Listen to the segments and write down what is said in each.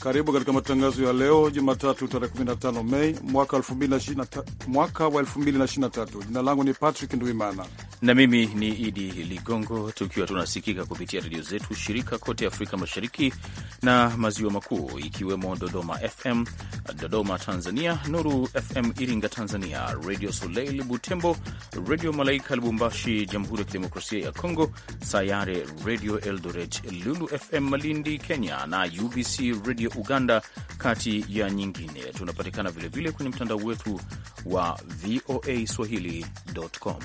Karibu katika matangazo ya leo Jumatatu tarehe 15 Mei mwaka wa 2023. Jina langu ni Patrick Nduimana na mimi ni Idi Ligongo, tukiwa tunasikika kupitia redio zetu shirika kote Afrika Mashariki na Maziwa Makuu, ikiwemo Dodoma FM Dodoma Tanzania, Nuru FM Iringa Tanzania, Redio Soleil Butembo, Redio Malaika Lubumbashi, Jamhuri ya Kidemokrasia ya Kongo, Sayare Redio Eldoret, Lulu FM Malindi Kenya na UBC Radio Uganda, kati ya nyingine. Tunapatikana vilevile kwenye mtandao wetu wa VOA swahili.com.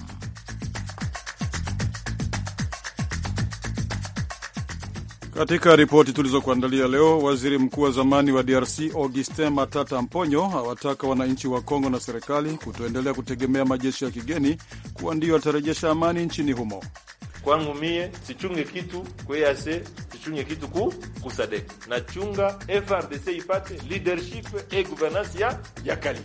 Katika ripoti tulizokuandalia leo, waziri mkuu wa zamani wa DRC Augustin Matata Mponyo awataka wananchi wa Kongo na serikali kutoendelea kutegemea majeshi ya kigeni kuwa ndiyo atarejesha amani nchini humo. Kwangu mie sichunge kitu kweyase tuchunye kitu ku kusadek na chunga FRDC ipate leadership e governance ya ya kali.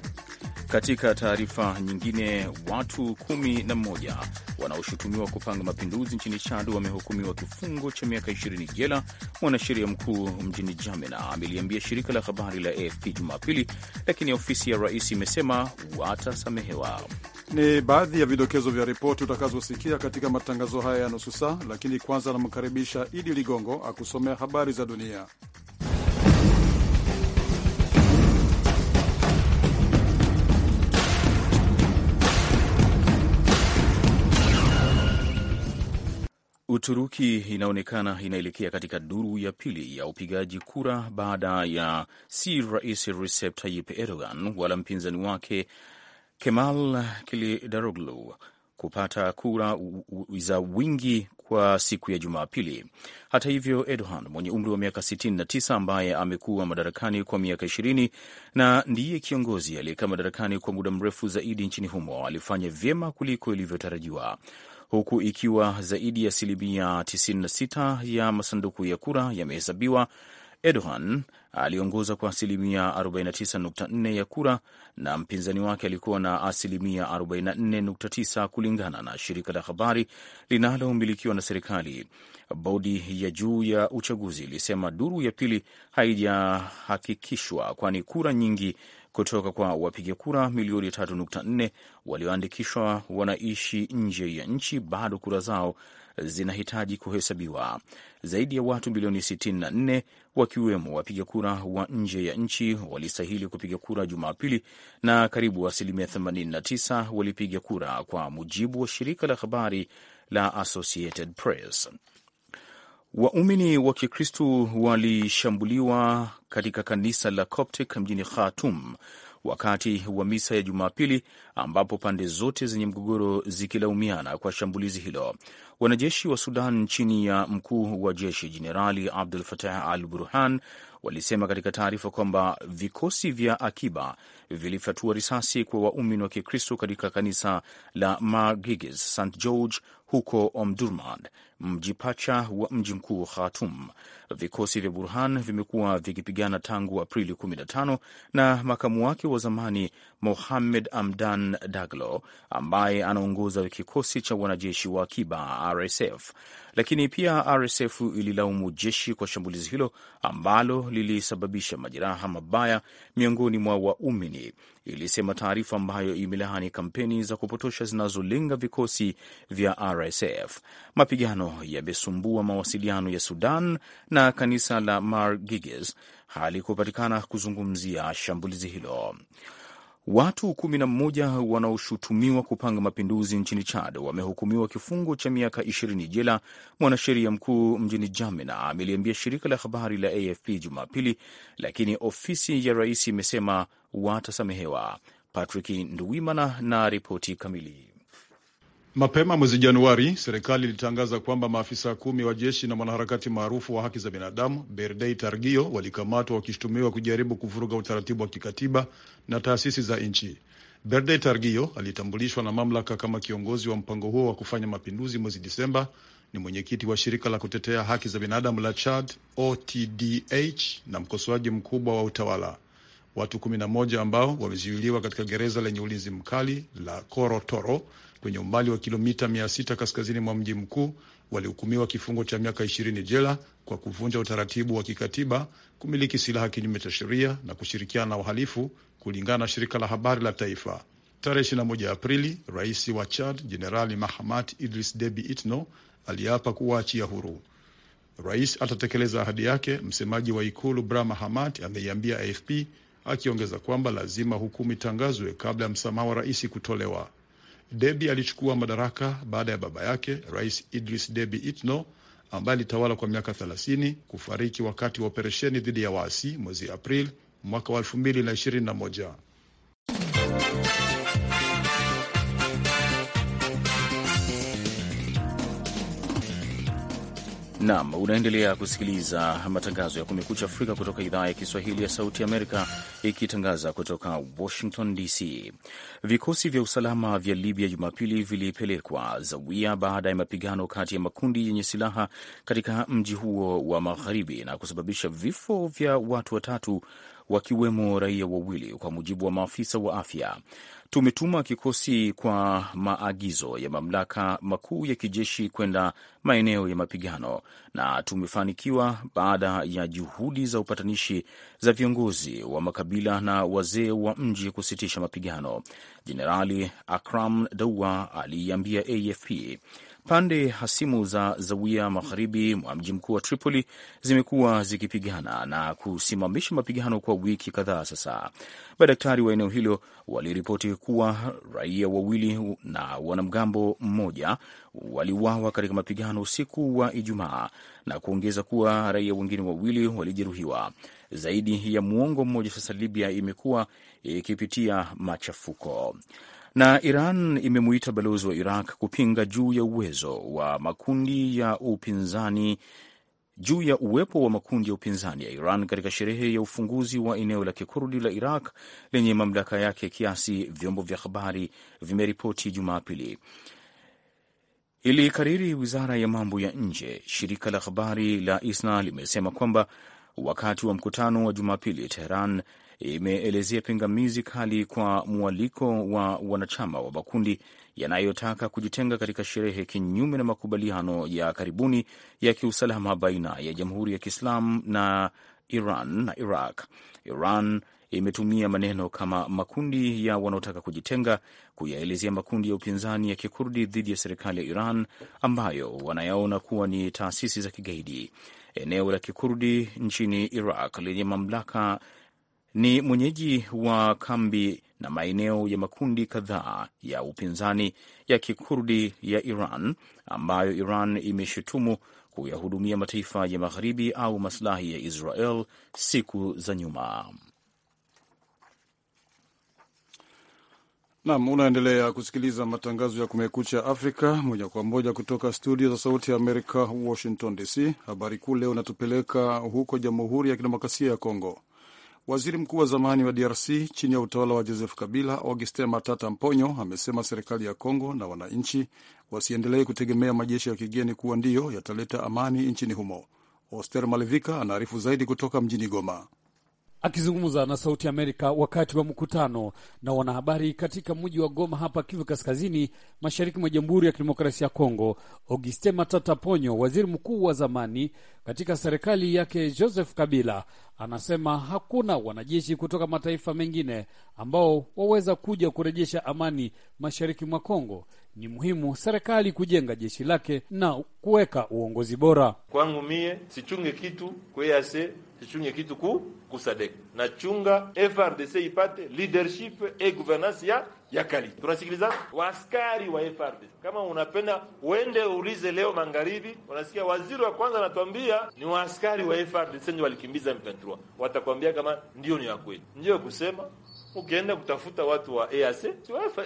Katika taarifa nyingine, watu kumi na mmoja wanaoshutumiwa kupanga mapinduzi nchini Chad wamehukumiwa kifungo cha miaka 20 jela. Mwanasheria mkuu mjini Jamena ameliambia shirika la habari la AFP Jumapili, lakini ofisi ya rais imesema watasamehewa. Ni baadhi ya vidokezo vya ripoti utakazosikia katika matangazo haya ya nusu saa, lakini kwanza anamkaribisha Idi Ligongo akusomea habari za dunia. Uturuki inaonekana inaelekea katika duru ya pili ya upigaji kura baada ya si Rais Recep Tayyip Erdogan wala mpinzani wake Kemal Kilidaroglu kupata kura za wingi kwa siku ya Jumapili. Hata hivyo, Erdogan mwenye umri wa miaka 69 ambaye amekuwa madarakani kwa miaka 20 na ndiye kiongozi aliyekaa madarakani kwa muda mrefu zaidi nchini humo alifanya vyema kuliko ilivyotarajiwa huku ikiwa zaidi ya asilimia 96 ya masanduku ya kura yamehesabiwa. Erdogan aliongoza kwa asilimia 49.4 ya kura na mpinzani wake alikuwa na asilimia 44.9, kulingana na shirika la habari linalomilikiwa na serikali. Bodi ya juu ya uchaguzi ilisema duru ya pili haijahakikishwa, kwani kura nyingi kutoka kwa wapiga kura milioni 3.4 walioandikishwa wanaishi nje ya nchi, bado kura zao zinahitaji kuhesabiwa. Zaidi ya watu milioni 64 wakiwemo wapiga kura wa nje ya nchi walistahili kupiga kura Jumapili, na karibu asilimia 89 walipiga kura, kwa mujibu wa shirika la habari la Associated Press. Waumini wa Kikristu walishambuliwa katika kanisa la Coptic mjini Khartoum wakati wa misa ya Jumapili ambapo pande zote zenye mgogoro zikilaumiana kwa shambulizi hilo. Wanajeshi wa Sudan chini ya mkuu wa jeshi Jenerali Abdul Fatah Al Burhan walisema katika taarifa kwamba vikosi vya akiba vilifyatua risasi kwa waumini wa Kikristo katika kanisa la Margigis St George huko Omdurman, mji pacha wa mji mkuu Khartoum. Vikosi vya Burhan vimekuwa vikipigana tangu Aprili 15 na makamu wake wa zamani Mohamed Amdan Daglo ambaye anaongoza kikosi cha wanajeshi wa akiba RSF. Lakini pia RSF ililaumu jeshi kwa shambulizi hilo ambalo lilisababisha majeraha mabaya miongoni mwa waumini ilisema taarifa ambayo imelaani kampeni za kupotosha zinazolenga vikosi vya RSF. Mapigano yamesumbua mawasiliano ya Sudan na kanisa la Mar Giges halikupatikana kuzungumzia shambulizi hilo. Watu kumi na mmoja wanaoshutumiwa kupanga mapinduzi nchini Chad wamehukumiwa kifungo cha miaka ishirini jela, mwanasheria mkuu mjini Jamina ameliambia shirika la habari la AFP Jumapili, lakini ofisi ya rais imesema watasamehewa. Patrick Nduwimana na ripoti kamili. Mapema mwezi Januari, serikali ilitangaza kwamba maafisa kumi wa jeshi na mwanaharakati maarufu wa haki za binadamu Berdei Targio walikamatwa wakishutumiwa kujaribu kuvuruga utaratibu wa kikatiba na taasisi za nchi. Berdei Targio alitambulishwa na mamlaka kama kiongozi wa mpango huo wa kufanya mapinduzi mwezi Disemba. Ni mwenyekiti wa shirika la kutetea haki za binadamu la Chad, OTDH, na mkosoaji mkubwa wa utawala. Watu 11 ambao wamezuiliwa katika gereza lenye ulinzi mkali la Korotoro kwenye umbali wa kilomita 600 kaskazini mwa mji mkuu walihukumiwa kifungo cha miaka 20 jela kwa kuvunja utaratibu wa kikatiba, kumiliki silaha kinyume cha sheria na kushirikiana na uhalifu kulingana na shirika la habari la taifa. Tarehe 21 Aprili, rais wa Chad Jenerali Mahamat Idris Debi Itno aliapa kuwaachia huru. Rais atatekeleza ahadi yake, msemaji wa ikulu Bra Mahamat ameiambia AFP, akiongeza kwamba lazima hukumu itangazwe kabla ya msamaha wa rais kutolewa. Debi alichukua madaraka baada ya baba yake Rais Idris Debi Itno ambaye alitawala kwa miaka 30 kufariki wakati wa operesheni dhidi ya waasi mwezi Aprili mwaka wa 2021. Naam, unaendelea kusikiliza matangazo ya Kumekucha Afrika kutoka idhaa ya Kiswahili ya Sauti Amerika, ikitangaza kutoka Washington DC. Vikosi vya usalama vya Libya Jumapili vilipelekwa Zawia baada ya mapigano kati ya makundi yenye silaha katika mji huo wa magharibi na kusababisha vifo vya watu watatu wakiwemo raia wawili, kwa mujibu wa maafisa wa afya tumetuma kikosi kwa maagizo ya mamlaka makuu ya kijeshi kwenda maeneo ya mapigano na tumefanikiwa baada ya juhudi za upatanishi za viongozi wa makabila na wazee wa mji kusitisha mapigano, Jenerali Akram Daua aliiambia AFP. Pande hasimu za zawia magharibi mwa mji mkuu wa Tripoli zimekuwa zikipigana na kusimamisha mapigano kwa wiki kadhaa sasa. Madaktari wa eneo hilo waliripoti kuwa raia wawili na wanamgambo mmoja waliuawa katika mapigano usiku wa Ijumaa na kuongeza kuwa raia wengine wawili walijeruhiwa. Zaidi ya muongo mmoja sasa, Libya imekuwa ikipitia machafuko na Iran imemuita balozi wa Iraq kupinga juu ya uwezo wa makundi ya upinzani juu ya uwepo wa makundi ya upinzani ya Iran katika sherehe ya ufunguzi wa eneo la kikurdi la Iraq lenye mamlaka yake kiasi, vyombo vya habari vimeripoti Jumapili, ilikariri wizara ya mambo ya nje. Shirika la habari la ISNA limesema kwamba wakati wa mkutano wa Jumapili, Teheran imeelezea pingamizi kali kwa mwaliko wa wanachama wa makundi yanayotaka kujitenga katika sherehe, kinyume na makubaliano ya karibuni ya kiusalama baina ya Jamhuri ya Kiislamu na Iran na Iraq. Iran imetumia maneno kama makundi ya wanaotaka kujitenga kuyaelezea makundi ya upinzani ya Kikurdi dhidi ya serikali ya Iran ambayo wanayaona kuwa ni taasisi za kigaidi. Eneo la Kikurdi nchini Iraq lenye mamlaka ni mwenyeji wa kambi na maeneo ya makundi kadhaa ya upinzani ya kikurdi ya Iran ambayo Iran imeshutumu kuyahudumia mataifa ya magharibi au maslahi ya Israel siku za nyuma. Nam, unaendelea kusikiliza matangazo ya Kumekucha Afrika moja kwa moja kutoka studio za Sauti ya Amerika, Washington DC. Habari kuu leo inatupeleka huko Jamhuri ya Kidemokrasia ya Kongo. Waziri mkuu wa zamani wa DRC chini ya utawala wa Joseph Kabila, Augustin Matata Mponyo, amesema serikali ya Kongo na wananchi wasiendelee kutegemea majeshi ya kigeni kuwa ndiyo yataleta amani nchini humo. Oster Malevika anaarifu zaidi kutoka mjini Goma. Akizungumza na Sauti Amerika wakati wa mkutano na wanahabari katika mji wa Goma hapa Kivu Kaskazini, mashariki mwa Jamhuri ya Kidemokrasia ya Kongo, Auguste Matata Ponyo, waziri mkuu wa zamani katika serikali yake Joseph Kabila, anasema hakuna wanajeshi kutoka mataifa mengine ambao waweza kuja kurejesha amani mashariki mwa Kongo ni muhimu serikali kujenga jeshi lake na kuweka uongozi bora. Kwangu mie sichunge kitu kweyase sichunge kitu ku kusadek nachunga FRDC ipate leadership e governance ya ya kali. Tunasikiliza waskari wa FRDC. Kama unapenda uende ulize, leo magharibi unasikia waziri wa kwanza anatuambia ni waskari wa FRDC ndio walikimbiza M23, watakwambia kama ndio ni wakweli kweli, ndio kusema ukienda kutafuta watu wa EAC,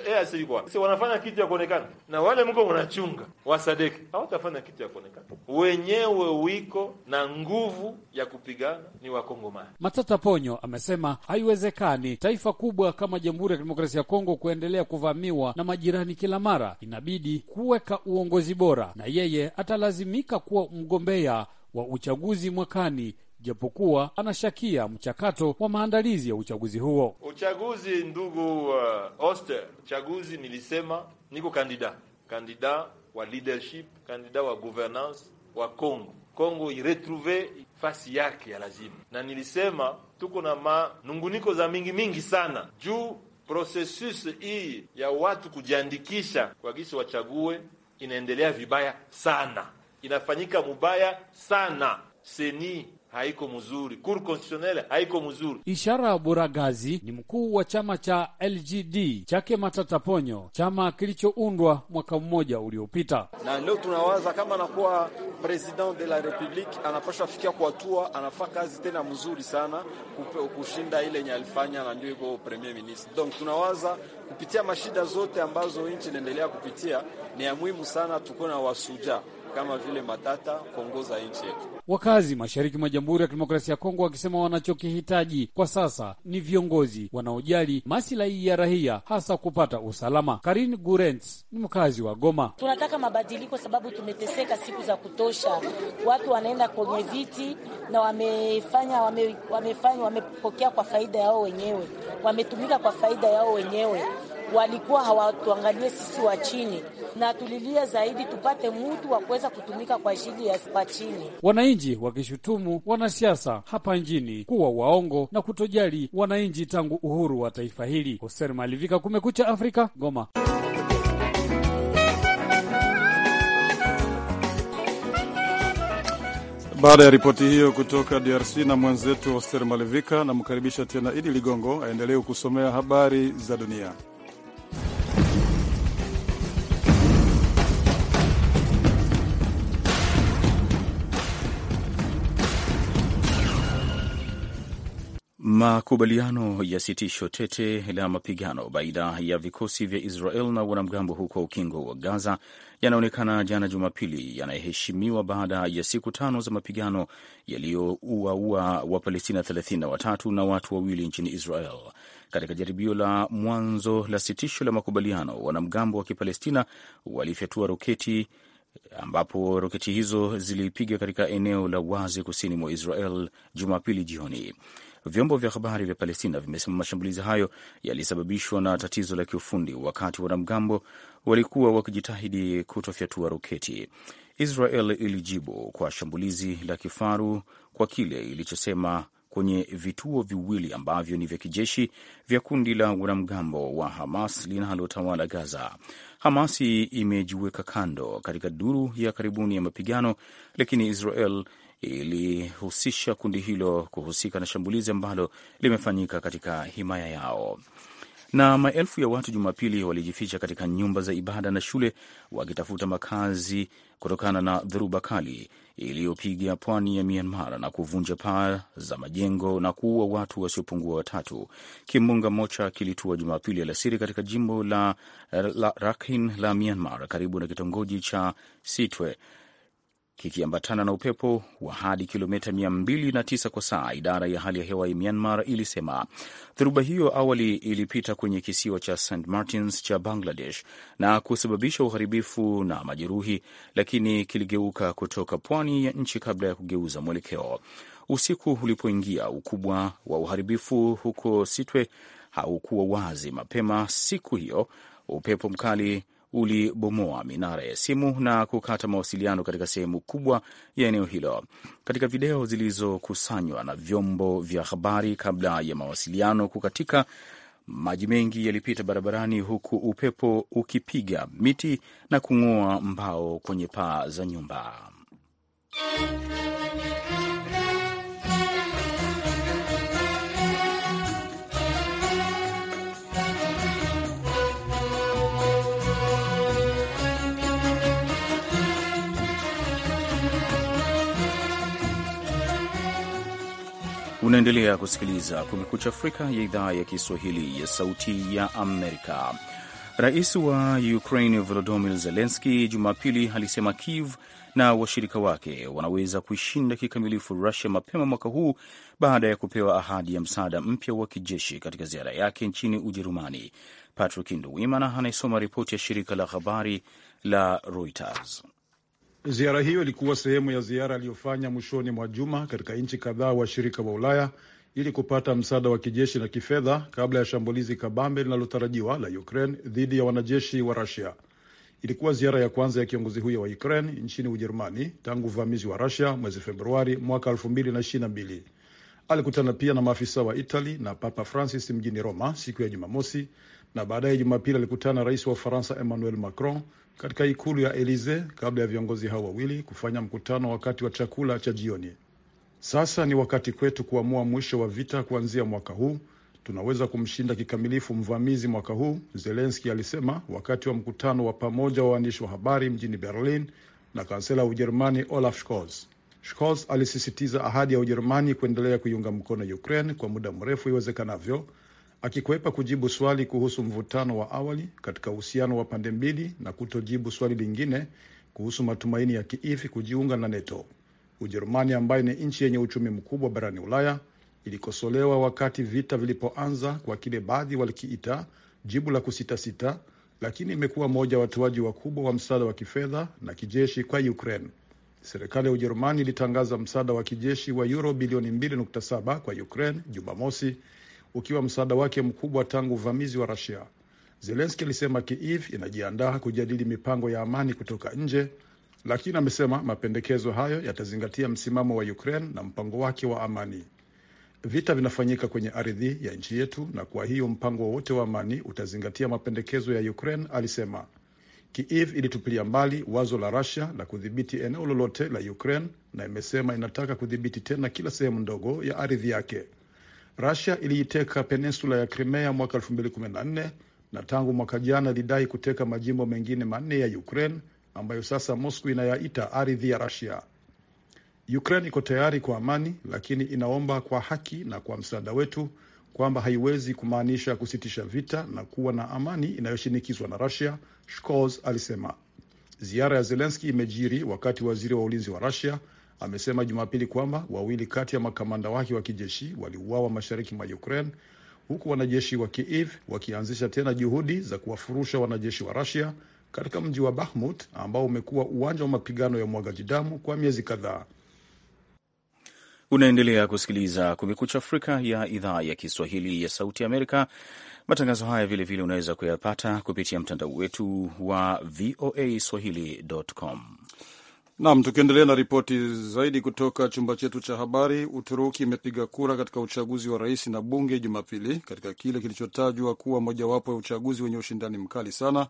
EAC yuko Si wanafanya kitu ya kuonekana, na wale mko mnachunga wasadeki hawatafanya kitu ya kuonekana. Wenyewe wiko na nguvu ya kupigana ni Wakongomani. Matata Ponyo amesema haiwezekani taifa kubwa kama Jamhuri ya Kidemokrasia ya Kongo kuendelea kuvamiwa na majirani kila mara, inabidi kuweka uongozi bora, na yeye atalazimika kuwa mgombea wa uchaguzi mwakani japokuwa anashakia mchakato wa maandalizi ya uchaguzi huo. Uchaguzi ndugu uh, Oster, uchaguzi nilisema niko kandida kandida wa leadership, kandida wa governance wa Congo. congo iretrouve fasi yake ya lazima, na nilisema tuko na manunguniko za mingi mingi sana juu prosesus hii ya watu kujiandikisha kwa gisi wachague inaendelea vibaya sana, inafanyika mubaya sana. Seni haiko mzuri, Cour constitutionnelle haiko mzuri. Ishara Buragazi ni mkuu wa chama cha LGD chake Matata Ponyo, chama kilichoundwa mwaka mmoja uliopita. Na leo tunawaza kama anakuwa president de la republique, anapasha fikia kwa hatua, anafaa kazi tena mzuri sana kupe, kushinda ile yenye alifanya, na ndio iko premier ministre. Donc tunawaza kupitia mashida zote ambazo nchi inaendelea kupitia, ni ya muhimu sana tuko na wasuja kama vile matata kuongoza nchi yetu. Wakazi mashariki mwa Jamhuri ya Kidemokrasia ya Kongo wakisema wanachokihitaji kwa sasa ni viongozi wanaojali masilahi ya raia, hasa kupata usalama. Karin Gurens ni mkazi wa Goma. Tunataka mabadiliko sababu tumeteseka siku za kutosha, watu wanaenda kwenye viti na wamefanya wame, wamefanya wamepokea kwa faida yao wenyewe, wametumika kwa faida yao wenyewe walikuwa hawatuangalie sisi wa chini, na tulilia zaidi tupate mtu wa kuweza kutumika kwa ajili ya wa chini. Wananchi wakishutumu wanasiasa hapa nchini kuwa waongo na kutojali wananchi tangu uhuru wa taifa hili. Hosen Malivika, Kumekucha Afrika, Goma. Baada ya ripoti hiyo kutoka DRC na mwenzetu Oster Malevika, namkaribisha tena Idi Ligongo aendelee kusomea habari za dunia. Makubaliano ya sitisho tete la mapigano baina ya vikosi vya Israel na wanamgambo huko ukingo wa Gaza yanaonekana jana Jumapili yanaheshimiwa baada ya siku tano za mapigano yaliyouaua Wapalestina 33 na watu wawili nchini Israel. Katika jaribio la mwanzo la sitisho la makubaliano, wanamgambo wa Kipalestina walifyatua roketi ambapo roketi hizo zilipiga katika eneo la wazi kusini mwa Israel Jumapili jioni. Vyombo vya habari vya Palestina vimesema mashambulizi hayo yalisababishwa na tatizo la kiufundi wakati wanamgambo walikuwa wakijitahidi kutofyatua roketi. Israel ilijibu kwa shambulizi la kifaru kwa kile ilichosema kwenye vituo viwili ambavyo ni vya kijeshi vya kundi la wanamgambo wa Hamas linalotawala Gaza. Hamas imejiweka kando katika duru ya karibuni ya mapigano, lakini Israel ilihusisha kundi hilo kuhusika na shambulizi ambalo limefanyika katika himaya yao. Na maelfu ya watu Jumapili walijificha katika nyumba za ibada na shule wakitafuta makazi kutokana na dhoruba kali iliyopiga pwani ya Myanmar na kuvunja paa za majengo na kuua watu wasiopungua watatu. Kimbunga Mocha kilitua Jumapili alasiri katika jimbo la, la Rakhine la Myanmar karibu na kitongoji cha Sitwe kikiambatana na upepo wa hadi kilomita 209 kwa saa. Idara ya hali ya hewa ya Myanmar ilisema dhoruba hiyo awali ilipita kwenye kisiwa cha St Martins cha Bangladesh na kusababisha uharibifu na majeruhi, lakini kiligeuka kutoka pwani ya nchi kabla ya kugeuza mwelekeo usiku ulipoingia. Ukubwa wa uharibifu huko Sitwe haukuwa wazi mapema siku hiyo. Upepo mkali ulibomoa minara ya simu na kukata mawasiliano katika sehemu kubwa ya eneo hilo. Katika video zilizokusanywa na vyombo vya habari kabla ya mawasiliano kukatika, maji mengi yalipita barabarani, huku upepo ukipiga miti na kung'oa mbao kwenye paa za nyumba. Unaendelea kusikiliza Kumekucha Afrika ya idhaa ya Kiswahili ya Sauti ya Amerika. Rais wa Ukraine Volodymyr Zelenski Jumapili alisema Kiev na washirika wake wanaweza kuishinda kikamilifu Rusia mapema mwaka huu baada ya kupewa ahadi ya msaada mpya wa kijeshi katika ziara yake nchini Ujerumani. Patrick Nduwimana anayesoma ripoti ya shirika la habari la Reuters. Ziara hiyo ilikuwa sehemu ya ziara aliyofanya mwishoni mwa juma katika nchi kadhaa washirika wa Ulaya ili kupata msaada wa kijeshi na kifedha kabla ya shambulizi kabambe linalotarajiwa la Ukraine dhidi ya wanajeshi wa Rusia. Ilikuwa ziara ya kwanza ya kiongozi huyo wa Ukraine nchini Ujerumani tangu uvamizi wa Rusia mwezi Februari mwaka 2022. Alikutana pia na maafisa wa Itali na Papa Francis mjini Roma siku ya Jumamosi, na baadaye Jumapili alikutana rais wa Ufaransa Emmanuel Macron katika ikulu ya Elisee kabla ya viongozi hao wawili kufanya mkutano wakati wa chakula cha jioni. Sasa ni wakati kwetu kuamua mwisho wa vita kuanzia mwaka huu. Tunaweza kumshinda kikamilifu mvamizi mwaka huu, Zelenski alisema wakati wa mkutano wa pamoja wa waandishi wa habari mjini Berlin na kansela wa Ujerumani Olaf Scholz. Scholz alisisitiza ahadi ya Ujerumani kuendelea kuiunga mkono Ukraine kwa muda mrefu iwezekanavyo akikwepa kujibu swali kuhusu mvutano wa awali katika uhusiano wa pande mbili na kutojibu swali lingine kuhusu matumaini ya kiifi kujiunga na NATO. Ujerumani ambaye ni nchi yenye uchumi mkubwa barani Ulaya ilikosolewa wakati vita vilipoanza kwa kile baadhi walikiita jibu la kusitasita, lakini imekuwa moja watoaji wakubwa wa msaada wa kifedha na kijeshi kwa Ukraine. Serikali ya Ujerumani ilitangaza msaada wa kijeshi wa euro bilioni 2.7 kwa Ukraine Jumamosi ukiwa msaada wake mkubwa tangu uvamizi wa Rusia. Zelenski alisema Kiev inajiandaa kujadili mipango ya amani kutoka nje, lakini amesema mapendekezo hayo yatazingatia msimamo wa Ukraine na mpango wake wa amani. Vita vinafanyika kwenye ardhi ya nchi yetu, na kwa hiyo mpango wowote wa amani utazingatia mapendekezo ya Ukraine, alisema. Kiev ilitupilia mbali wazo la rasia la kudhibiti eneo lolote la Ukraine na imesema inataka kudhibiti tena kila sehemu ndogo ya ardhi yake. Rusia iliiteka peninsula ya Crimea mwaka 2014 na tangu mwaka jana ilidai kuteka majimbo mengine manne ya Ukraine ambayo sasa Moscow inayaita ardhi ya Rusia. Ukraine iko tayari kwa amani, lakini inaomba kwa haki na kwa msaada wetu kwamba haiwezi kumaanisha kusitisha vita na kuwa na amani inayoshinikizwa na Rusia, Scholz alisema. Ziara ya Zelenski imejiri wakati waziri wa ulinzi wa Rusia amesema Jumapili kwamba wawili kati ya makamanda wake wa kijeshi waliuawa mashariki mwa Ukraine, huku wanajeshi wa Kiev wakianzisha tena juhudi za kuwafurusha wanajeshi wa Rusia katika mji wa Bahmut ambao umekuwa uwanja wa mapigano ya umwagaji damu kwa miezi kadhaa. Unaendelea kusikiliza Kumekucha Afrika ya idhaa ya Kiswahili ya Sauti Amerika. Matangazo haya vilevile unaweza kuyapata kupitia mtandao wetu wa VOA swahili.com. Nam, tukiendelea na ripoti zaidi kutoka chumba chetu cha habari. Uturuki imepiga kura katika uchaguzi wa rais na bunge Jumapili, katika kile kilichotajwa kuwa mojawapo ya uchaguzi wenye ushindani mkali sana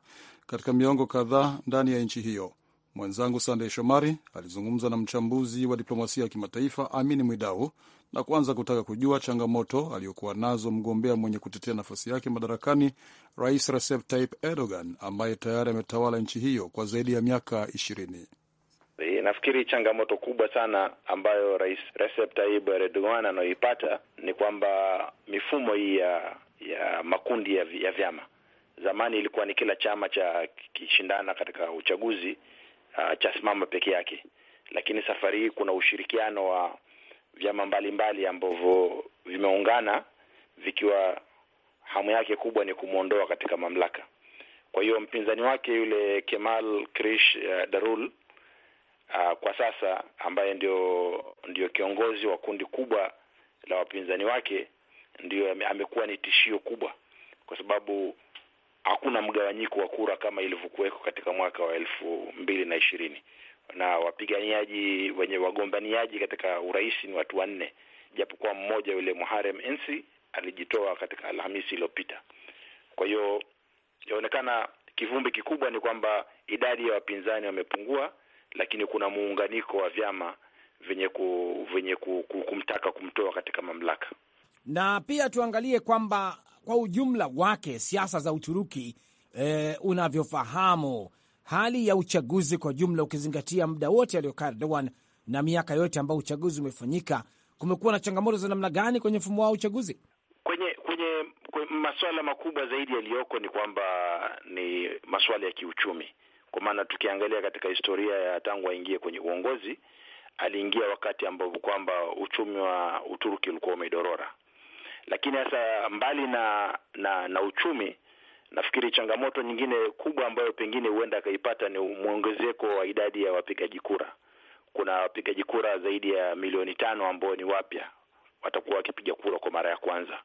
katika miongo kadhaa ndani ya nchi hiyo. Mwenzangu Sandey Shomari alizungumza na mchambuzi wa diplomasia ya kimataifa Amini Mwidau na kuanza kutaka kujua changamoto aliyokuwa nazo mgombea mwenye kutetea nafasi yake madarakani, Rais Recep Tayyip Erdogan, ambaye tayari ametawala nchi hiyo kwa zaidi ya miaka ishirini. E, nafikiri changamoto kubwa sana ambayo Rais Recep Tayyip Erdogan anayoipata ni kwamba mifumo hii ya ya makundi ya, ya vyama zamani ilikuwa ni kila chama cha kishindana katika uchaguzi uh, cha simama peke yake, lakini safari hii kuna ushirikiano wa vyama mbalimbali ambavyo vimeungana vikiwa hamu yake kubwa ni kumwondoa katika mamlaka. Kwa hiyo mpinzani wake yule Kemal darul uh, kwa sasa ambaye ndio ndio kiongozi wa kundi kubwa la wapinzani wake, ndio amekuwa ni tishio kubwa, kwa sababu hakuna mgawanyiko wa kura kama ilivyokuweko katika mwaka wa elfu mbili na ishirini na wapiganiaji wenye wagombaniaji katika urais ni watu wanne, japokuwa mmoja yule Muharem Insi alijitoa katika Alhamisi iliyopita. Kwa hiyo yaonekana kivumbi kikubwa ni kwamba idadi ya wapinzani wamepungua lakini kuna muunganiko wa vyama vyenye ku, vyenye ku, ku, kumtaka kumtoa katika mamlaka. Na pia tuangalie kwamba kwa ujumla wake siasa za Uturuki eh, unavyofahamu hali ya uchaguzi kwa jumla, ukizingatia muda wote aliokaa Erdogan na miaka yote ambayo uchaguzi umefanyika, kumekuwa na changamoto za namna gani kwenye mfumo wa uchaguzi? Kwenye kwenye masuala makubwa zaidi yaliyoko ni kwamba ni masuala ya kiuchumi kwa maana tukiangalia katika historia ya tangu aingie kwenye uongozi, aliingia wakati ambapo kwamba uchumi wa Uturuki ulikuwa umedorora. Lakini hasa mbali na na, na uchumi nafikiri changamoto nyingine kubwa ambayo pengine huenda akaipata ni mwongezeko wa idadi ya wapigaji kura. Kuna wapigaji kura zaidi ya milioni tano ambao ni wapya, watakuwa wakipiga kura kwa mara ya kwanza.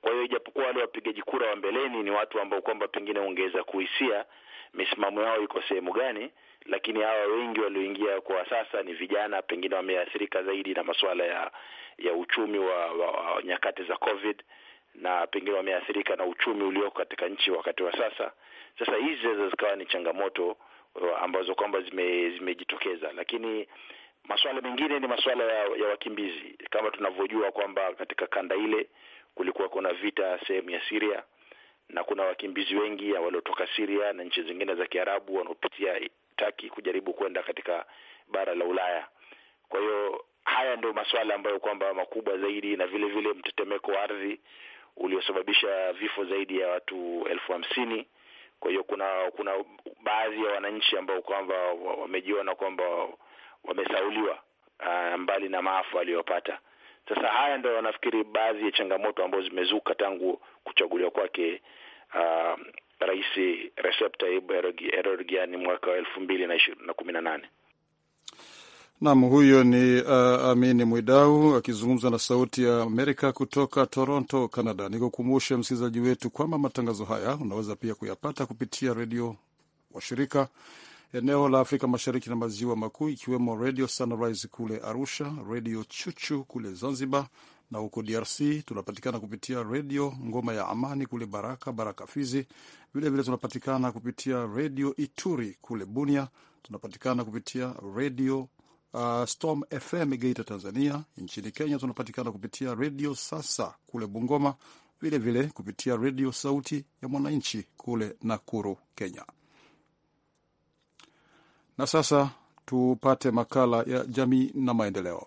Kwa hiyo ijapokuwa wale wapigaji kura wa mbeleni ni watu ambao kwamba pengine ungeweza kuhisia misimamo yao iko sehemu gani, lakini hawa wengi walioingia kwa sasa ni vijana, pengine wameathirika zaidi na masuala ya ya uchumi wa, wa, wa nyakati za COVID na pengine wameathirika na uchumi ulioko katika nchi wakati wa sasa. Sasa hizi zinaweza zikawa ni changamoto uh, ambazo kwamba zime, zimejitokeza, lakini masuala mengine ni masuala ya, ya wakimbizi. Kama tunavyojua kwamba katika kanda ile kulikuwa kuna vita sehemu ya siria na kuna wakimbizi wengi waliotoka Syria na nchi zingine za Kiarabu wanaopitia taki kujaribu kwenda katika bara la Ulaya. Kwa hiyo haya ndio masuala ambayo kwamba makubwa zaidi, na vile vile mtetemeko wa ardhi uliosababisha vifo zaidi ya watu elfu hamsini. Kwa hiyo kuna kuna baadhi ya wananchi ambao kwamba wamejiona kwamba wamesauliwa ah, mbali na maafa waliyopata. Sasa haya ndo wanafikiri baadhi ya changamoto ambazo zimezuka tangu kuchaguliwa kwake uh, Rais Recep Tayyip Erdogan mwaka wa elfu mbili na kumi na nane. Nam, huyo ni uh, Amini Mwidau akizungumza na Sauti ya Amerika kutoka Toronto, Canada. Nikukumbushe msikilizaji wetu kwamba matangazo haya unaweza pia kuyapata kupitia redio washirika eneo la Afrika Mashariki na Maziwa Makuu, ikiwemo Radio Sunrise kule Arusha, Radio Chuchu kule Zanzibar, na huko DRC tunapatikana kupitia redio Ngoma ya Amani kule Baraka Baraka Fizi. Vilevile tunapatikana kupitia redio Ituri kule Bunia. Tunapatikana kupitia redio uh, Storm FM Geita Tanzania. Nchini Kenya tunapatikana kupitia redio Sasa kule Bungoma, vilevile vile kupitia redio Sauti ya Mwananchi kule Nakuru, Kenya. Na sasa tupate makala ya jamii na maendeleo.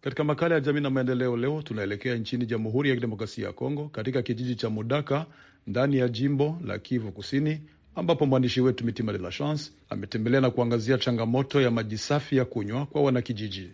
Katika makala ya jamii na maendeleo leo tunaelekea nchini Jamhuri ya Kidemokrasia ya Kongo, katika kijiji cha Mudaka ndani ya jimbo la Kivu Kusini, ambapo mwandishi wetu Mitima De La Chance ametembelea na kuangazia changamoto ya maji safi ya kunywa kwa wanakijiji.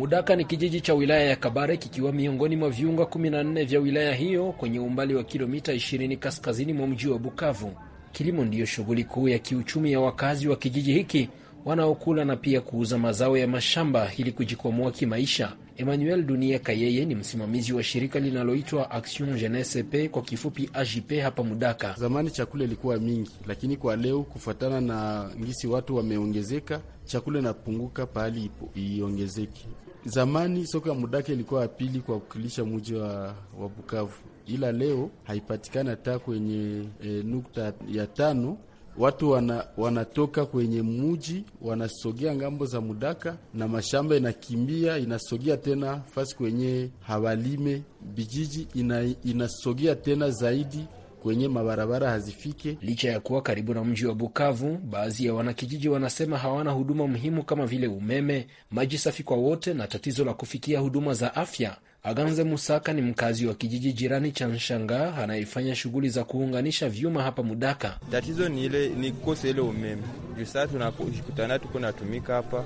Mudaka ni kijiji cha wilaya ya Kabare kikiwa miongoni mwa viunga 14 vya wilaya hiyo kwenye umbali wa kilomita 20 kaskazini mwa mji wa Bukavu. Kilimo ndiyo shughuli kuu ya kiuchumi ya wakazi wa kijiji hiki wanaokula na pia kuuza mazao ya mashamba ili kujikwamua kimaisha. Emmanuel Dunia Kayeye ni msimamizi wa shirika linaloitwa Action Jeunesse P kwa kifupi AJP hapa Mudaka. Zamani chakula ilikuwa mingi, lakini kwa leo kufuatana na ngisi watu wameongezeka, chakula inapunguka pahali ipo iongezeke. Zamani soko ya Mudaki ilikuwa ya pili kwa kukilisha mji wa, wa Bukavu, ila leo haipatikana hata kwenye e, nukta ya tano. Watu wana, wanatoka kwenye muji wanasogea ngambo za Mudaka na mashamba inakimbia inasogea tena fasi kwenye hawalime bijiji ina, inasogea tena zaidi kwenye mabarabara hazifike. Licha ya kuwa karibu na mji wa Bukavu, baadhi ya wanakijiji wanasema hawana huduma muhimu kama vile umeme, maji safi kwa wote na tatizo la kufikia huduma za afya. Aganze Musaka ni mkazi wa kijiji jirani cha Nshanga anayefanya shughuli za kuunganisha vyuma hapa Mudaka. Tatizo ni ile ni kukosa ile umeme juu saa tunajikutana tuko natumika hapa,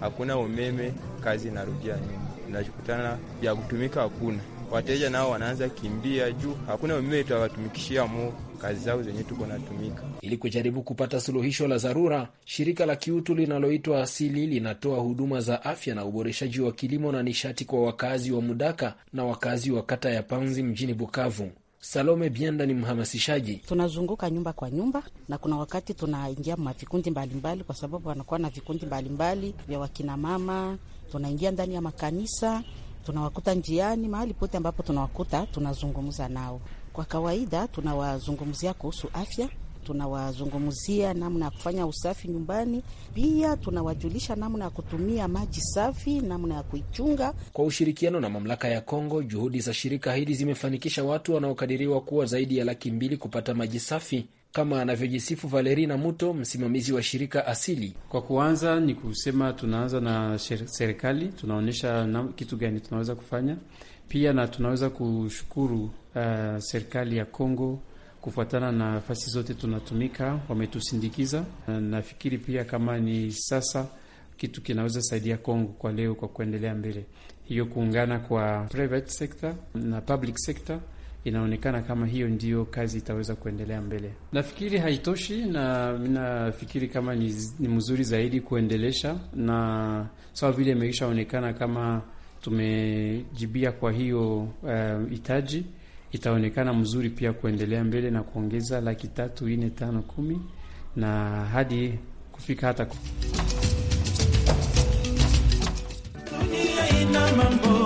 hakuna umeme, kazi inarudia nyuma, najikutana ya kutumika hakuna wateja nao wanaanza kimbia juu hakuna umeme itawatumikishia mu kazi zao zenye tuko natumika. Ili kujaribu kupata suluhisho la dharura, shirika la kiutu linaloitwa Asili linatoa huduma za afya na uboreshaji wa kilimo na nishati kwa wakazi wa Mudaka na wakazi wa kata ya Panzi mjini Bukavu. Salome Bienda ni mhamasishaji. Tunazunguka nyumba kwa nyumba, na kuna wakati tunaingia mavikundi mbalimbali, kwa sababu wanakuwa na vikundi mbalimbali vya wakinamama. Tunaingia ndani ya makanisa tunawakuta njiani, mahali pote ambapo tunawakuta tunazungumza nao. Kwa kawaida tunawazungumzia kuhusu afya, tunawazungumzia namna ya kufanya usafi nyumbani, pia tunawajulisha namna ya kutumia maji safi, namna ya kuichunga. Kwa ushirikiano na mamlaka ya Kongo, juhudi za shirika hili zimefanikisha watu wanaokadiriwa kuwa zaidi ya laki mbili kupata maji safi kama anavyojisifu na Muto, msimamizi wa shirika Asili. Kwa kuanza ni kusema tunaanza na serikali, tunaonyesha kitu gani tunaweza kufanya pia, na tunaweza kushukuru uh, serikali ya Kongo kufuatana na nafasi zote tunatumika, wametusindikiza. Nafikiri pia kama ni sasa kitu kinaweza saidia Kongo kwa leo kwa kuendelea mbele, hiyo kuungana kwa private sector na public sector inaonekana kama hiyo ndiyo kazi itaweza kuendelea mbele. Nafikiri haitoshi, na minafikiri kama ni, ni mzuri zaidi kuendelesha, na sawa vile imeishaonekana kama tumejibia kwa hiyo eh, hitaji, uh, itaonekana mzuri pia kuendelea mbele na kuongeza laki tatu nne tano kumi na hadi kufika hata dunia ina mambo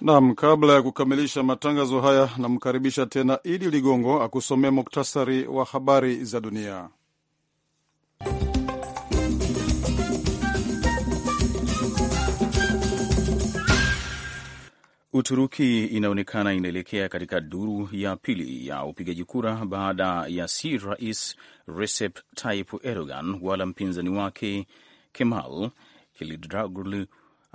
Nam, kabla ya kukamilisha matangazo haya, namkaribisha tena Idi Ligongo akusomea muktasari wa habari za dunia. Uturuki inaonekana inaelekea katika duru ya pili ya upigaji kura baada ya si rais Recep Tayyip Erdogan wala mpinzani wake Kemal Kilicdaroglu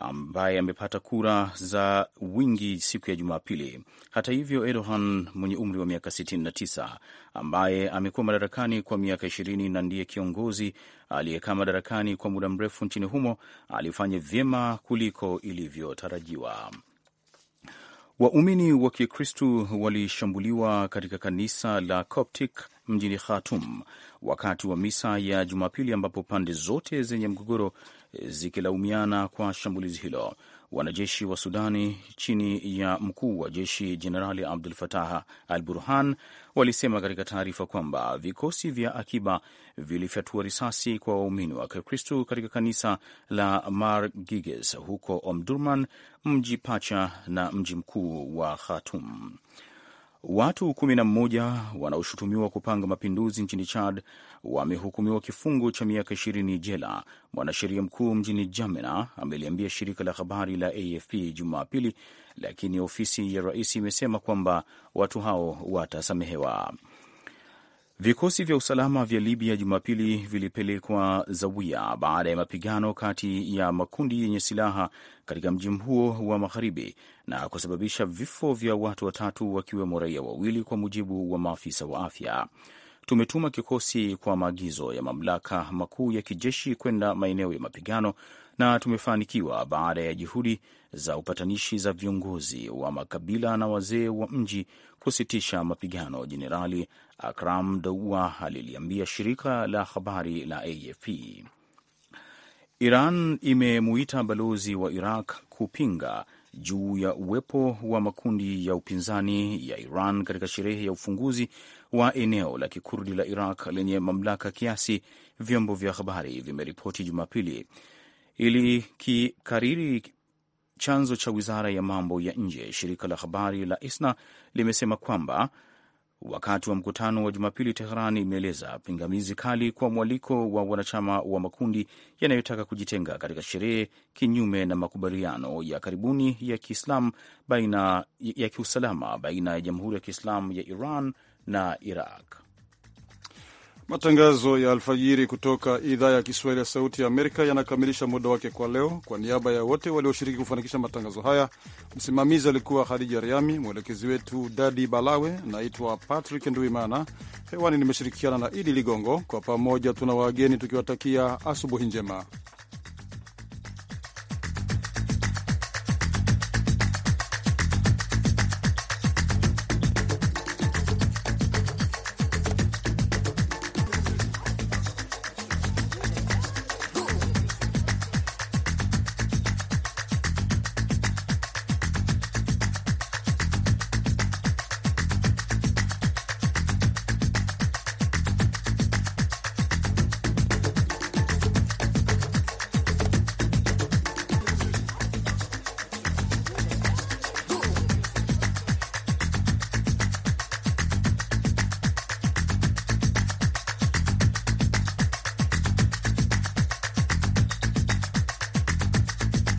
ambaye amepata kura za wingi siku ya Jumapili. Hata hivyo, Erdogan mwenye umri wa miaka 69 ambaye amekuwa madarakani kwa miaka ishirini na ndiye kiongozi aliyekaa madarakani kwa muda mrefu nchini humo alifanya vyema kuliko ilivyotarajiwa. Waumini wa Kikristu walishambuliwa katika kanisa la Coptic mjini Khartoum wakati wa misa ya Jumapili ambapo pande zote zenye mgogoro zikilaumiana kwa shambulizi hilo. Wanajeshi wa Sudani chini ya mkuu wa jeshi Jenerali Abdul Fatah Al Burhan walisema katika taarifa kwamba vikosi vya akiba vilifyatua risasi kwa waumini wa Kikristu katika kanisa la Mar Giges huko Omdurman, mji pacha na mji mkuu wa khatum Watu kumi na mmoja wanaoshutumiwa kupanga mapinduzi nchini Chad wamehukumiwa kifungo cha miaka ishirini jela, mwanasheria mkuu mjini Jamena ameliambia shirika la habari la AFP Jumapili, lakini ofisi ya rais imesema kwamba watu hao watasamehewa. Vikosi vya usalama vya Libya Jumapili vilipelekwa zawia baada ya mapigano kati ya makundi yenye silaha katika mji huo wa magharibi na kusababisha vifo vya watu watatu wakiwemo raia wawili, kwa mujibu wa maafisa wa afya. Tumetuma kikosi kwa maagizo ya mamlaka makuu ya kijeshi kwenda maeneo ya mapigano na tumefanikiwa baada ya juhudi za upatanishi za viongozi wa makabila na wazee wa mji kusitisha mapigano. Jenerali Akram Daua aliliambia shirika la habari la AFP. Iran imemuita balozi wa Iraq kupinga juu ya uwepo wa makundi ya upinzani ya Iran katika sherehe ya ufunguzi wa eneo la kikurdi la Iraq lenye mamlaka kiasi, vyombo vya habari vimeripoti Jumapili ili kikariri Chanzo cha wizara ya mambo ya nje, shirika la habari la ISNA limesema kwamba wakati wa mkutano wa Jumapili, Teheran imeeleza pingamizi kali kwa mwaliko wa wanachama wa makundi yanayotaka kujitenga katika sherehe kinyume na makubaliano ya karibuni ya Kiislamu baina ya kiusalama baina ya Jamhuri ya Kiislamu ya Iran na Iraq. Matangazo ya alfajiri kutoka idhaa ya Kiswahili ya Sauti ya Amerika yanakamilisha muda wake kwa leo. Kwa niaba ya wote walioshiriki kufanikisha matangazo haya, msimamizi alikuwa Khadija Riami, mwelekezi wetu Dadi Balawe. Naitwa Patrick Nduimana, hewani nimeshirikiana na Idi Ligongo. Kwa pamoja tuna wageni tukiwatakia asubuhi njema.